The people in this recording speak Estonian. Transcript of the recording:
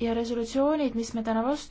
ja resolutsioonid, mis me täna vastu